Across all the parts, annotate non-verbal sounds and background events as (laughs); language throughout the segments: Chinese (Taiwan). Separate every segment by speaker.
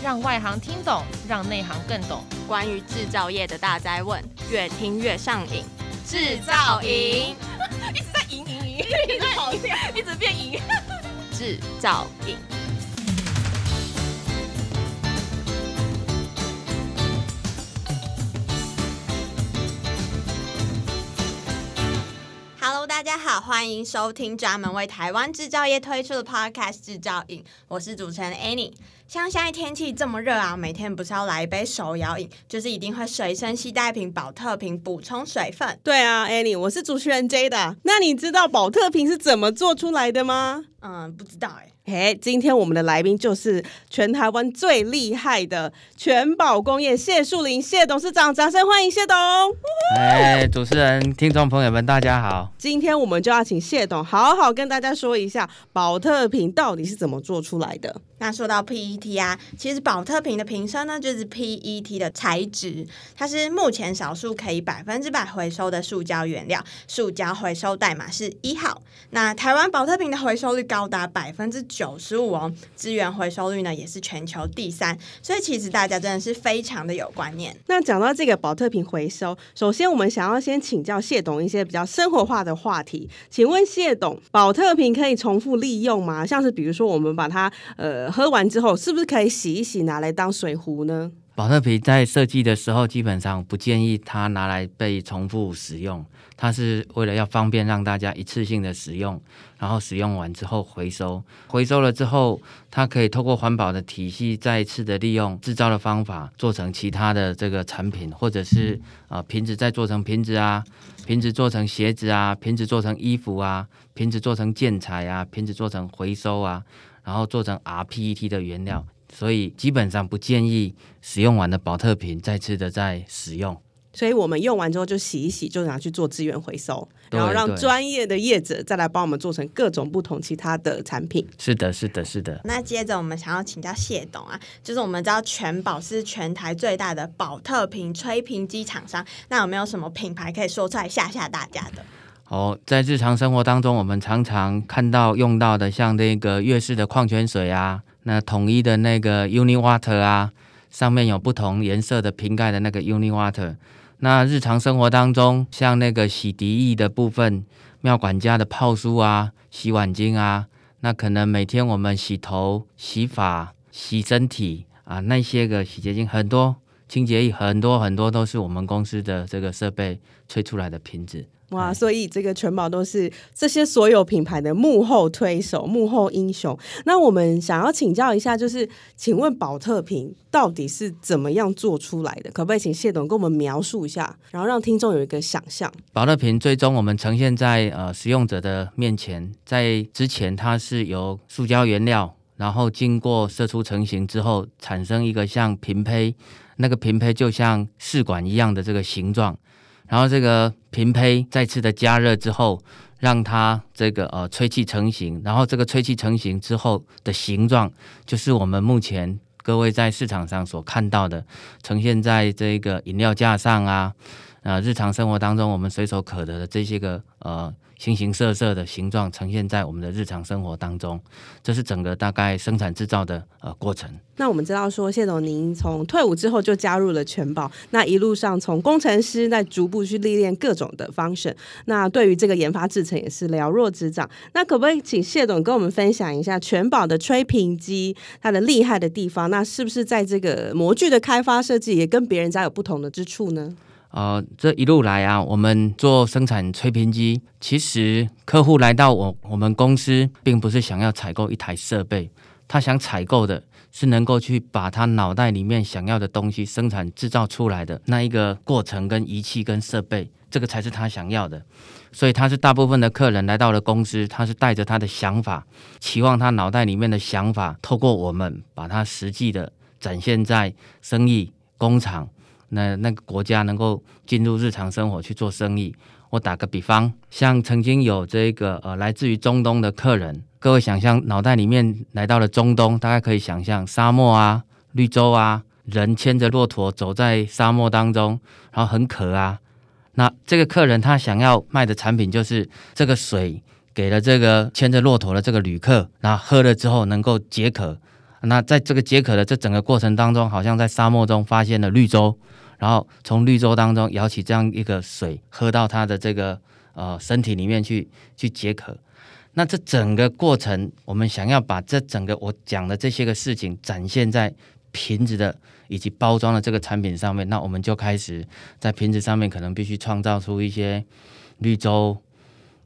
Speaker 1: 讓外行聽懂，讓內行更懂。關於製造業的大哉問，越聽越上癮。
Speaker 2: 製造營一直在贏贏贏，一直在跑，一直變贏。
Speaker 1: 製 (laughs) 造營。Hello，大家好，歡迎收聽專門為台灣製造業推出的 Podcast《製造營》，我是主持人 Annie。像現在天氣這麼熱啊，每天不是要來一杯手搖飲，就是一定會隨身攜帶瓶寶特
Speaker 2: 瓶補充水分。對啊，Annie，我是主持人 J 的。那你知道寶特瓶是怎麼做出來的嗎？嗯，不知道哎、欸。嘿，hey, 今天我們的來賓就是全台灣最厲害的銓寶工業謝樹林謝董事長，掌聲歡迎謝董。
Speaker 3: 哎，hey, 主持人、聽眾朋友們，大家好。
Speaker 2: 今天我們就要請謝董好好跟大家說一下寶特瓶到底是怎麼做出來的。那說到 PET 啊，
Speaker 1: 其實寶特瓶的瓶身呢，就是 PET 的材質，它是目前少數可以百分之百回收的塑膠原料，塑膠回收代碼是一號。那台灣寶特瓶的回收率，高達百分之九十五哦，資源回收率呢也是全球第三，所以其實大家真的是非常的有觀念。
Speaker 2: 那講到這個寶特瓶回收，首先我們想要先請教謝董一些比較生活化的話題。請問謝董，寶特瓶可以重複利用嗎？像是比如說我們把它呃喝完之後，是不是可以洗一洗拿來當水壺呢？
Speaker 3: 寶特瓶在設計的時候，基本上不建議它拿來被重複使用，它是為了要方便讓大家一次性的使用，然後使用完之後回收，回收了之後，它可以透過環保的體系再次的利用製造的方法做成其他的這個產品，或者是啊、嗯呃、瓶子再做成瓶子啊，瓶子做成鞋子啊，瓶子做成衣服啊，瓶子做成建材啊，瓶子做成回收啊，然後做成 rPET 的原料。嗯。所以基本上不建議使用完的寶特瓶再次的再使用。
Speaker 2: 所以我們用完之後就洗一洗，就拿去做資源回收，對然後讓專業的業者再來幫我們做成各種不同其他的產品。是的，是的，是的，是的，是的，是的。那接着我們想要請教謝董啊，
Speaker 1: 就是我們知道銓寶是全台最大的寶特瓶吹瓶機廠商，那有沒有什麼品牌可以說出來嚇嚇大家的？
Speaker 3: 好，在日常生活當中，我們常常看到用到的，像那個悅氏的礦泉水啊。那統一的那個 Uni Water 啊，上面有不同顏色的瓶蓋的那個 Uni Water。那日常生活當中，像那個洗滌液的部分，妙管家的泡舒啊，洗碗精啊，那可能每天我們洗頭、洗髮、洗身體啊，那些個洗潔精很多、清潔劑很多很多，都是我們公司的這個設備吹出來的瓶子。
Speaker 2: 哇，所以這個銓寶都是這些所有品牌的幕後推手、幕後英雄。那我們想要請教一下，就是請問寶特瓶到底是怎麼樣做出來的？可不可以請謝董跟我們描述一下，然後讓聽眾有一個想象？
Speaker 3: 寶特瓶最終我們呈現在呃使用者的面前，在之前它是由塑膠原料，然後經過射出成型之後，產生一個像瓶胚，那個瓶胚就像試管一樣的這個形狀。然後這個瓶胚再次的加熱之後，讓它這個呃吹氣成型，然後這個吹氣成型之後的形狀，就是我們目前各位在市場上所看到的，呈現在這個飲料架上啊。那、呃、日常生活當中，我們隨手可得的這些個呃形形色色的形狀，呈現在我們的日常生活當中，這是整個大概生產制造的呃過程。
Speaker 2: 那我們知道說，謝總您從退伍之後就加入了銓寶，那一路上從工程師在逐步去歷練各種的 function。那對於這個研發制程也是瞭若指掌。那可不可以請謝總跟我們分享一下銓寶的吹瓶機它的厲害的地方？那是不是在這個模具的開發設計也跟別人家有不同的之處呢？
Speaker 3: 呃，這一路來啊，我們做生產吹瓶機，其實客戶來到我我們公司，並不是想要採購一台設備，他想採購的是能夠去把他腦袋裡面想要的東西生產制造出來的那一個過程跟儀器跟設備，這個才是他想要的。所以他是大部分的客人來到了公司，他是帶着他的想法，期望他腦袋裡面的想法，透過我們把它實際的展現在生意工廠。那那個國家能夠進入日常生活去做生意。我打個比方，像曾經有這個呃，來自於中東的客人，各位想象腦袋裡面來到了中東，大概可以想象沙漠啊、綠洲啊，人牽着駱駝走在沙漠當中，然後很渴啊。那這個客人他想要賣的產品就是這個水，給了這個牽着駱駝的這個旅客，然後喝了之後能夠解渴。那在這個解渴的這整個過程當中，好像在沙漠中發現了綠洲，然後從綠洲當中舀起這樣一個水，喝到他的這個呃身體裡面去，去解渴。那這整個過程，我們想要把這整個我講的這些個事情展現在瓶子的以及包裝的這個產品上面，那我們就開始在瓶子上面可能必須創造出一些綠洲。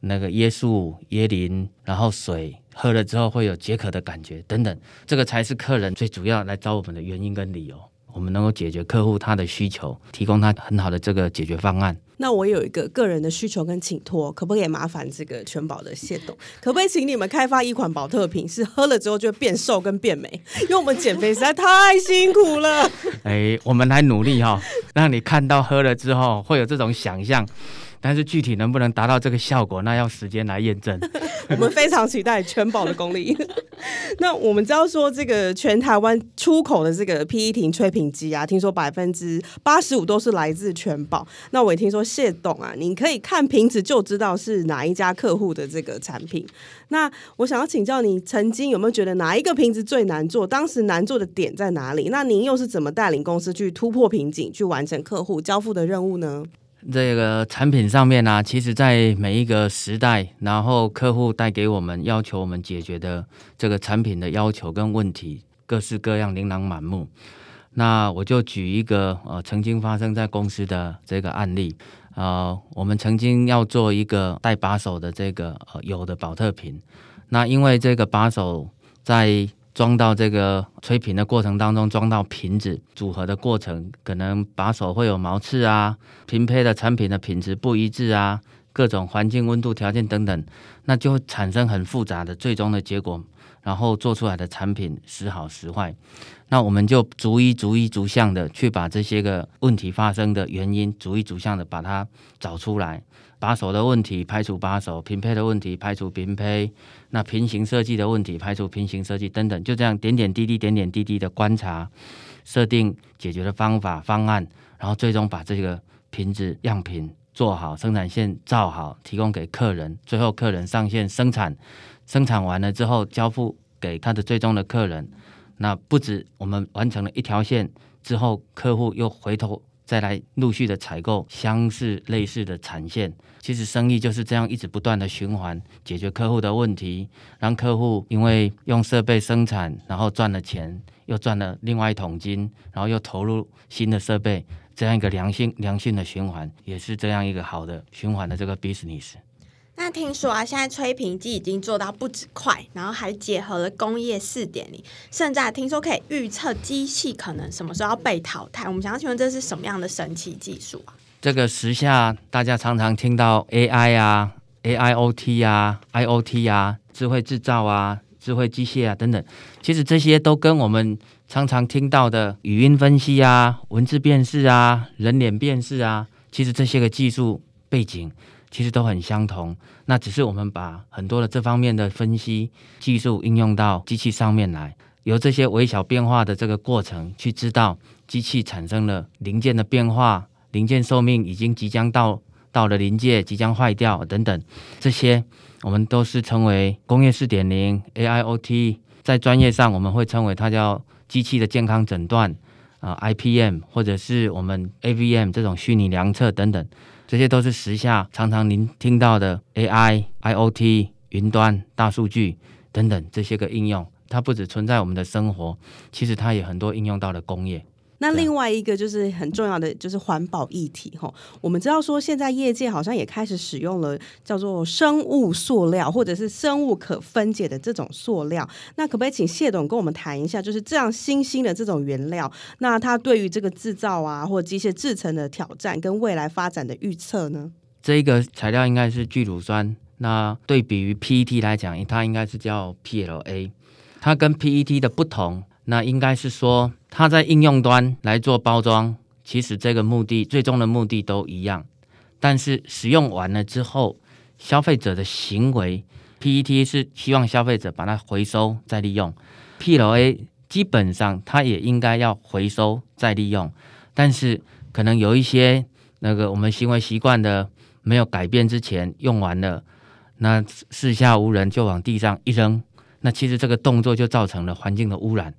Speaker 3: 那個椰樹椰林，然後水喝了之後會有解渴的感覺等等，這個才是客人最主要來找我們的原因跟理由。我們能夠解決客戶他的需求，提供他很好的這個解決方案。
Speaker 2: 那我有一個個人的需求跟請託，可不可以麻煩這個銓寶的謝董，可不可以請你們開發一款寶特瓶，是喝了之後就變瘦跟變美，因為我們減肥實在太辛苦了。
Speaker 3: (laughs) 哎，我們來努力哈、哦，讓你看到喝了之後會有這種想象。但是具體能不能達到這個效果，那要時間來驗證。 (laughs) 我們
Speaker 2: 非常期待銓寶的功力。 (laughs) 那我們知道說，這個全台灣出口的這個 PET 瓶吹瓶機啊，聽說百分之八十五都是來自銓寶。那我也聽說謝董啊，您可以看瓶子就知道是哪一家客戶的這個產品。那我想要請教你，你曾經有沒有覺得哪一個瓶子最難做？當時難做的點在哪裡？那您又是怎麼帶領公司去突破瓶頸，去完成客戶交付的任務呢？
Speaker 3: 這個產品上面呢、啊，其實，在每一個時代，然後客戶帶給我們要求我們解決的這個產品的要求跟問題，各式各樣，琳琅滿目。那我就舉一個呃，曾經發生在公司的這個案例啊、呃，我們曾經要做一個帶把手的這個呃，有的寶特瓶，那因為這個把手在，裝到這個吹瓶的過程當中，裝到瓶子組合的過程，可能把手會有毛刺啊，瓶胚的產品的品質不一致啊，各種環境溫度條件等等，那就會產生很複雜的最終的結果，然後做出來的產品時好時壞，那我們就逐一逐一逐項的去把這些個問題發生的原因，逐一逐項的把它找出來。把手的問題排除把手，品配的問題排除品配，那平行設計的問題排除平行設計等等，就這樣點點滴滴、點點滴滴的觀察，設定解決的方法方案，然後最終把這個瓶子樣品做好，生產線造好，提供給客人。最後客人上線生產，生產完了之後交付給他的最終的客人。那不止我們完成了一條線之後，客戶又回頭。再來陸續的採購相似類似的產線，其實生意就是這樣一直不斷的循環，解決客戶的問題，讓客戶因為用設備生產，然後賺了錢，又賺了另外一桶金，然後又投入新的設備，這樣一個良性良性的循環，也是這樣一個好的循環的這個 business。
Speaker 1: 那聽說啊，現在吹瓶機已經做到不止快，然後還結合了工業四點零，甚至啊，聽說可以預測機器可能什麼時候要被淘汰。我們想要請問，這是什麼樣的神奇技術啊？
Speaker 3: 這個時下大家常常聽到 AI 啊、AIoT 啊、IoT 啊、智慧製造啊、智慧機械啊等等，其實這些都跟我們常常聽到的語音分析啊、文字辨識啊、人臉辨識啊，其實這些個技術背景，其實都很相同，那只是我們把很多的這方面的分析技術應用到機器上面來，由這些微小變化的這個過程去知道機器產生了零件的變化，零件壽命已經即將到到了臨界，即將壞掉等等，這些我們都是稱為工業四點零 AIOT，在專業上我們會稱為它叫機器的健康診斷啊、呃、IPM 或者是我們 AVM 這種虛擬量測等等。這些都是時下常常您聽到的 AI、IoT、雲端、大數據等等這些個應用，它不只存在我們的生活，其實它也很多應用到了工業。
Speaker 2: 那另外一個就是很重要的，就是環保議題哈。對我們知道說，現在業界好像也開始使用了叫做生物塑料或者是生物可分解的這種塑料。那可不可以請謝董跟我們談一下，就是這樣新興的這種原料，那它對於這個製造啊，或機械製成的挑戰跟未來發展的預測呢？
Speaker 3: 這一個材料應該是聚乳酸。那對比於 PET 來講，它應該是叫 PLA。它跟 PET 的不同。那應該是說，它在應用端來做包裝，其實這個目的、最終的目的都一樣。但是使用完了之後，消費者的行為，PET 是希望消費者把它回收再利用，PLA 基本上它也應該要回收再利用。但是可能有一些那個我們行為習慣的沒有改變之前用完了，那四下無人就往地上一扔，那其實這個動作就造成了環境的污染。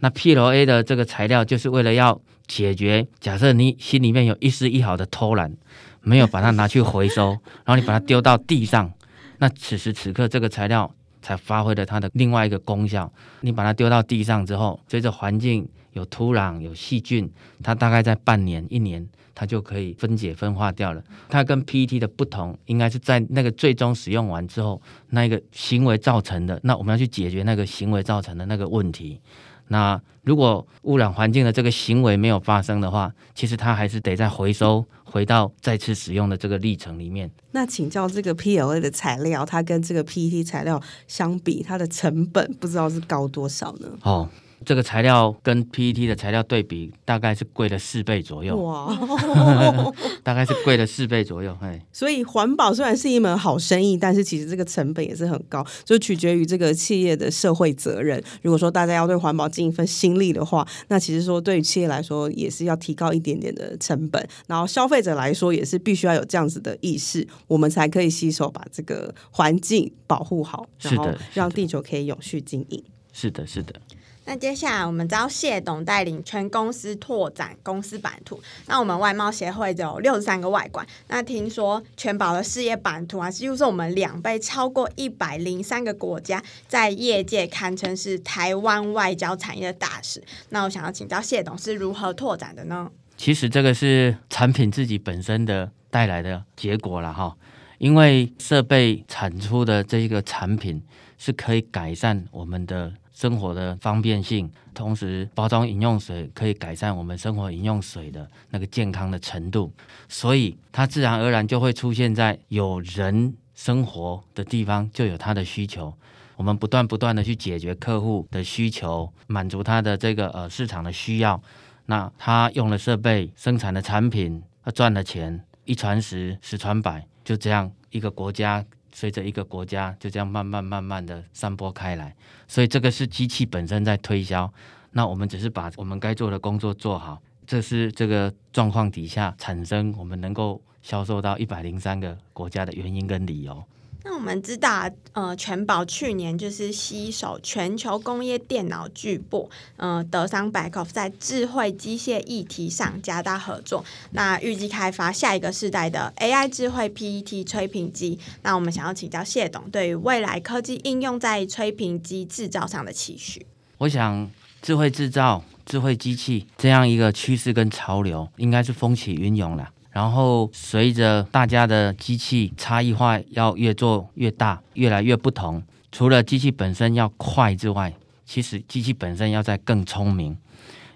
Speaker 3: 那 PLA 的這個材料就是為了要解決，假設你心裡面有一絲一毫的偷懶，沒有把它拿去回收，然後你把它丟到地上，那此時此刻這個材料才發揮了它的另外一個功效。你把它丟到地上之後，隨着環境有土壤有細菌，它大概在半年一年，它就可以分解分化掉了。它跟 PET 的不同，應該是在那個最終使用完之後，那個行為造成的。那我們要去解決那個行為造成的那個問題。那如果污染環境的這個行為沒有發生的話，其實它還是得再回收、回到再次使用的這個歷程裡面。
Speaker 2: 那請教這個 P L A 的材料，它跟這個 P E T 材料相比，它的成本不知道是高多少呢？哦。
Speaker 3: 這個材料跟 PET 的材料對比，哇哦、 (laughs) 大概是貴了四倍左右。哇，大概是貴了四倍左右。
Speaker 2: 所以環保雖然是一門好生意，但是其實這個成本也是很高，就取決於這個企業的社會責任。如果說大家要對環保盡一份心力的話，那其實說對於企業來說也是要提高一點點的成本。然後消費者來說也是必須要有這樣子的意識，我們才可以攜手把這個環境保護好，然後讓地球可以永續經營。是的，是的。是的，是的。
Speaker 1: 那接下來我們招謝董帶領全公司拓展公司版圖。那我們外貿協會有六十三個外館。那聽說銓寶的事業版圖啊，幾乎是我們兩倍，超過一百零三個國家，在業界堪稱是台灣外交產業的大使。那我想要請教謝董是如何拓展的呢？
Speaker 3: 其實這個是產品自己本身的帶來的結果了哈，因為設備產出的這個產品是可以改善我們的。生活的方便性，同時包裝飲用水可以改善我們生活飲用水的那個健康的程度，所以它自然而然就會出現在有人生活的地方就有它的需求。我們不斷不斷的去解決客戶的需求，滿足他的這個呃市場的需要。那他用了設備生產的產品，他賺了錢，一傳十，十傳百，就這樣一個國家。隨着一個國家就這樣慢慢慢慢的散播開來，所以這個是機器本身在推銷。那我們只是把我們該做的工作做好，這是這個狀況底下產生我們能夠銷售到一百零三個國家的原因跟理由。
Speaker 1: 那我們知道，呃，銓寶去年就是攜手全球工業電腦巨擘，呃，德商 Beckhoff 在智慧機械議題上加大合作。那預計開發下一個世代的 AI 智慧 PET 吹瓶機。那我們想要請教謝董，對於未來科技應用在吹瓶機制造上的期許？
Speaker 3: 我想，智慧制造、智慧機器這樣一個趨勢跟潮流，應該是風起雲湧了。然後隨着大家的機器差異化，要越做越大，越來越不同。除了機器本身要快之外，其實機器本身要再更聰明。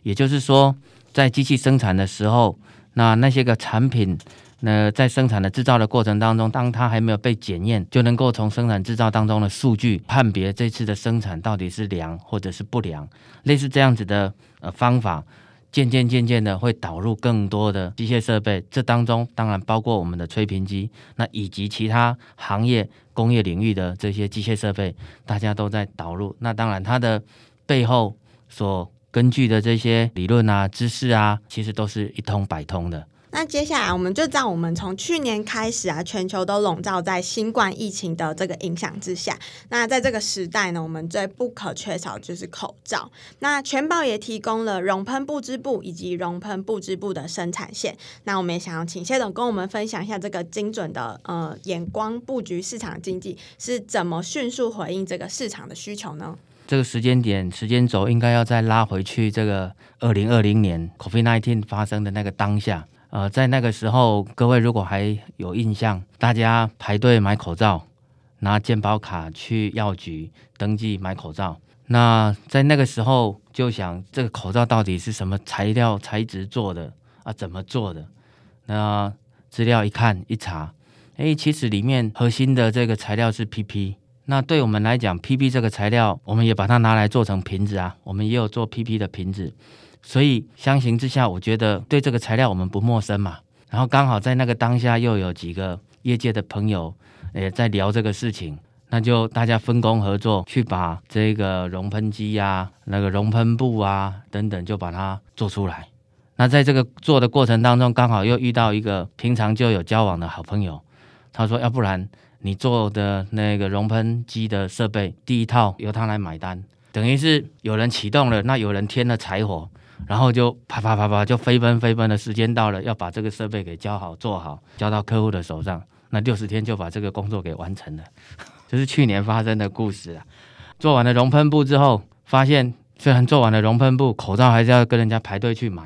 Speaker 3: 也就是說，在機器生產的時候，那那些個產品，那在生產的制造的過程當中，當它還沒有被檢驗，就能夠從生產制造當中的數據判別這次的生產到底是良或者是不良，類似這樣子的呃方法。漸漸漸漸的會導入更多的機械設備，這當中當然包括我們的吹瓶機，那以及其他行業、工業領域的這些機械設備，大家都在導入。那當然它的背後所根據的這些理論啊、知識啊，其實都是一通百通的。
Speaker 1: 那接下來，我們就在我們從去年開始啊，全球都籠罩在新冠疫情的這個影響之下。那在這個時代呢，我們最不可缺少就是口罩。那銓寶也提供了熔噴布織布以及熔噴布織布的生產線。那我們也想要請謝總跟我們分享一下這個精準的呃眼光布局，市場經濟是怎麼迅速回應這個市場的需求呢？
Speaker 3: 這個時間點，時間軸應該要再拉回去，這個二零二零年 COVID-19 發生的那個當下。呃，在那個時候，各位如果還有印象，大家排隊買口罩，拿健保卡去藥局登記買口罩。那在那個時候就想，這個口罩到底是什麼材料材質做的啊？怎麼做的？那資料一看一查，哎，其實裡面核心的這個材料是 PP。那對我們來講，PP 這個材料，我們也把它拿來做成瓶子啊，我們也有做 PP 的瓶子。所以相形之下，我覺得對這個材料我們不陌生嘛。然後剛好在那個當下又有幾個業界的朋友，也在聊這個事情，那就大家分工合作去把這個熔噴機呀、啊、那個熔噴布啊等等就把它做出來。那在這個做的過程當中，剛好又遇到一個平常就有交往的好朋友，他說要不然你做的那個熔噴機的設備第一套由他來買單，等於是有人啟動了，那有人添了柴火。然後就啪啪啪啪就飛奔飛奔的時間到了，要把這個設備給交好做好，交到客戶的手上。那六十天就把這個工作給完成了，這 (laughs) 是去年發生的故事啊。做完了熔噴布之後，發現雖然做完了熔噴布，口罩還是要跟人家排隊去買。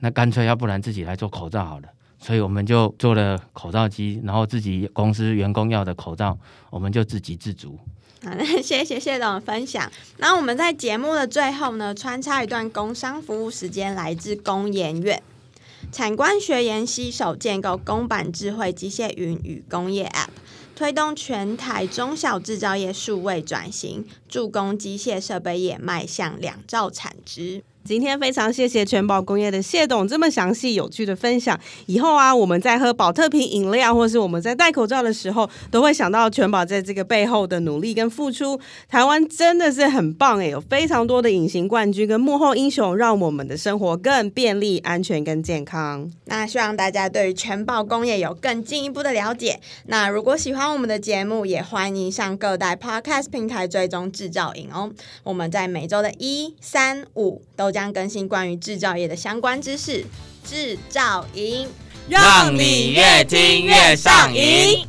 Speaker 3: 那乾脆要不然自己來做口罩好了，所以我們就做了口罩機，然後自己公司員工要的口罩，我們就自給自足。好，
Speaker 1: 謝謝謝總分享。那我們在節目的最後呢，穿插一段工商服務時間，來自工研院，產官學研攜手建構公版智慧機械雲與工業 App，推動全台中小製造業數位轉
Speaker 2: 型，助攻機械設備業邁向兩兆產值。今天非常謝謝銓寶工業的謝董這麼詳細有趣的分享。以後啊，我們在喝寶特瓶飲料，或是我們在戴口罩的時候，都會想到銓寶在這個背後的努力跟付出。台灣真的是很棒哎、欸，有非常多的隱形冠軍跟幕後英雄，讓我們的生活更便利、安全跟健康。那希望大家對於銓寶工業有更
Speaker 1: 進一步的了解。那如果喜歡我們的節目，也歡迎向各大 Podcast 平台追蹤製造癮哦、喔。我們在每周的一、三、五都將將更新關於製造業的相關知識，製造營讓你越聽越
Speaker 3: 上癮。